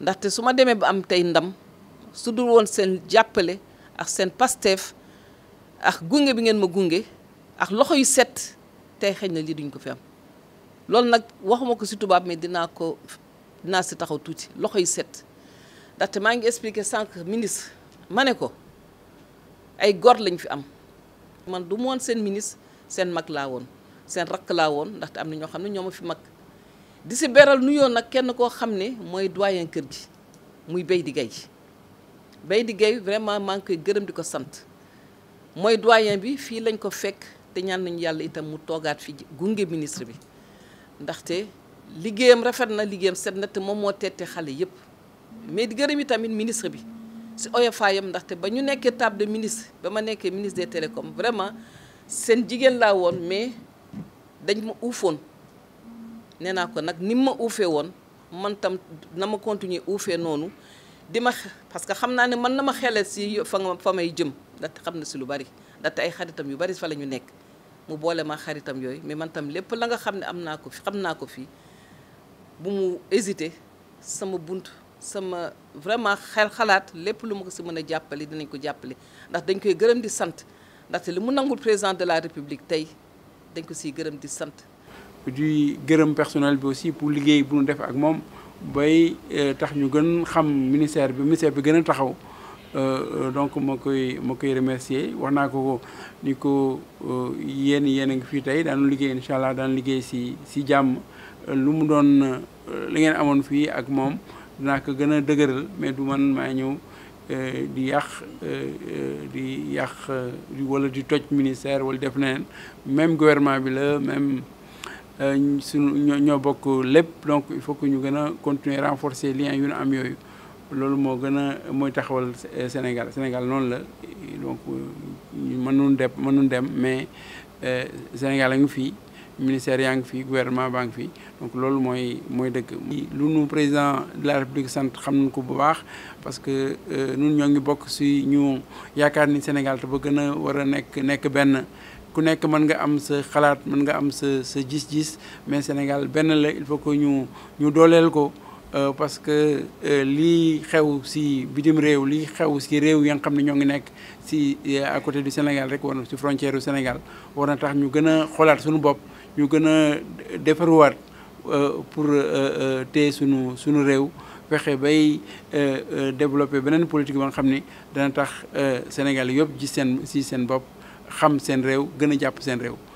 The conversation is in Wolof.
ndaxte su ma demee ba am tey ndam su dul woon seen jàppale ak seen Pastef ak gunge bi ngeen ma gunge ak loxo yu set tey xëy na lii duñ ko fi am loolu nag waxuma ko ci tubaab mais dinaa ko dinaa si taxaw tuuti loxo yu set ndaxte maa ngi expliqué sànq ministre ma ne ko ay góor lañ fi am man du ma woon seen ministre seen mag laa woon seen rakk laa woon ndaxte am na ñoo xam ne ñoo ma fi mag di si beral nuyoo nag kenn koo xam ne mooy doyen kër gi muy bay Beydi Gaye Beydi Gaye vraiment maa ngi koy gërëm di ko sant mooy doyen bi fii lañ ko fekk te ñaan nañu yàlla itam mu toogaat fi gunge ministre bi ndaxte liggéeyam rafet na liggéeyam seet na te moom moo teete xale yépp mais gërëm yi tamit ministre bi si oyofaayam ndaxte ba ñu nekkee table de ministre ba ma nekkee ministre des télécoms vraiment seen jigéen laa woon mais dañ ma uufoon nee naa ko nag ni ma uufee woon man tam na ma continuer uufee noonu di parce que xam naa ne man na ma xelal si fa nga fa may jëm ndaxte xam na si lu bari ndaxte ay xaritam yu bari fa la ñu mu boole ma xaritam yooyu mais man tam lépp la nga xam ne am naa ko fi xam naa ko fii bu mu hésité sama bunt sama vraiment xel xalaat lépp lu ma ko si mën a jàppale dinañ ko jàppale ndax dañ koy gërëm di sant ndaxte li mu nangul président de la république tey dañ ko siy gërëm di sant di gërëm personnel bi aussi pour liggéey bu ñu def ak mom bay euh, tax ñu gën xam ministère bi ministère bi gën taxaw euh, euh donc ma koy ma koy remercier wax ko ni ko euh, yeen yeen nga fi tay tey daanu liggéey incha allah daan liggéey si si jàmm lu mu doon li ngeen amone fi ak mom dinaa ko gëna dëgeural mais du man maa ñëw di yàq di di wala di toj ministère wala def neen même gouvernement bi la même Euh, suñu ñoo bokk lépp donc il faut que ñu gëna continuer renforcer lien yu ñu am yooyu loolu moo gën a taxawal euh, Sénégal Sénégal non la donc euh, mënuñ dem mënuñ dem mais Sénégal nga fi ministère yang fi gouvernement baa fi donc lolu moy moy dëgg lu nu président de la république sant xam nañ ko bu baax parce que nun ñoo ngi bokk si ñu yaakaar ni Sénégal ta ba gën wara nek nek ben ku nekk mën nga am sa xalaat mën nga am sa sa jiis gis mais Sénégal benn la il faut que ñu ñu dooleel ko euh, parce que euh, lii xew si bitim réew lii xew si réew yi nga xam ne ñoo ngi nekk si euh, à côté du Sénégal rek war na si frontière u Sénégal war na tax ñu gën a xoolaat suñu bopp ñu gën a defaruwaat pour téye sunu suñu réew fexe bay développer beneen politique ba nga xam ni dana tax Sénégal yëpp gis seen si seen bopp xam seen réew gën a jàpp seen réew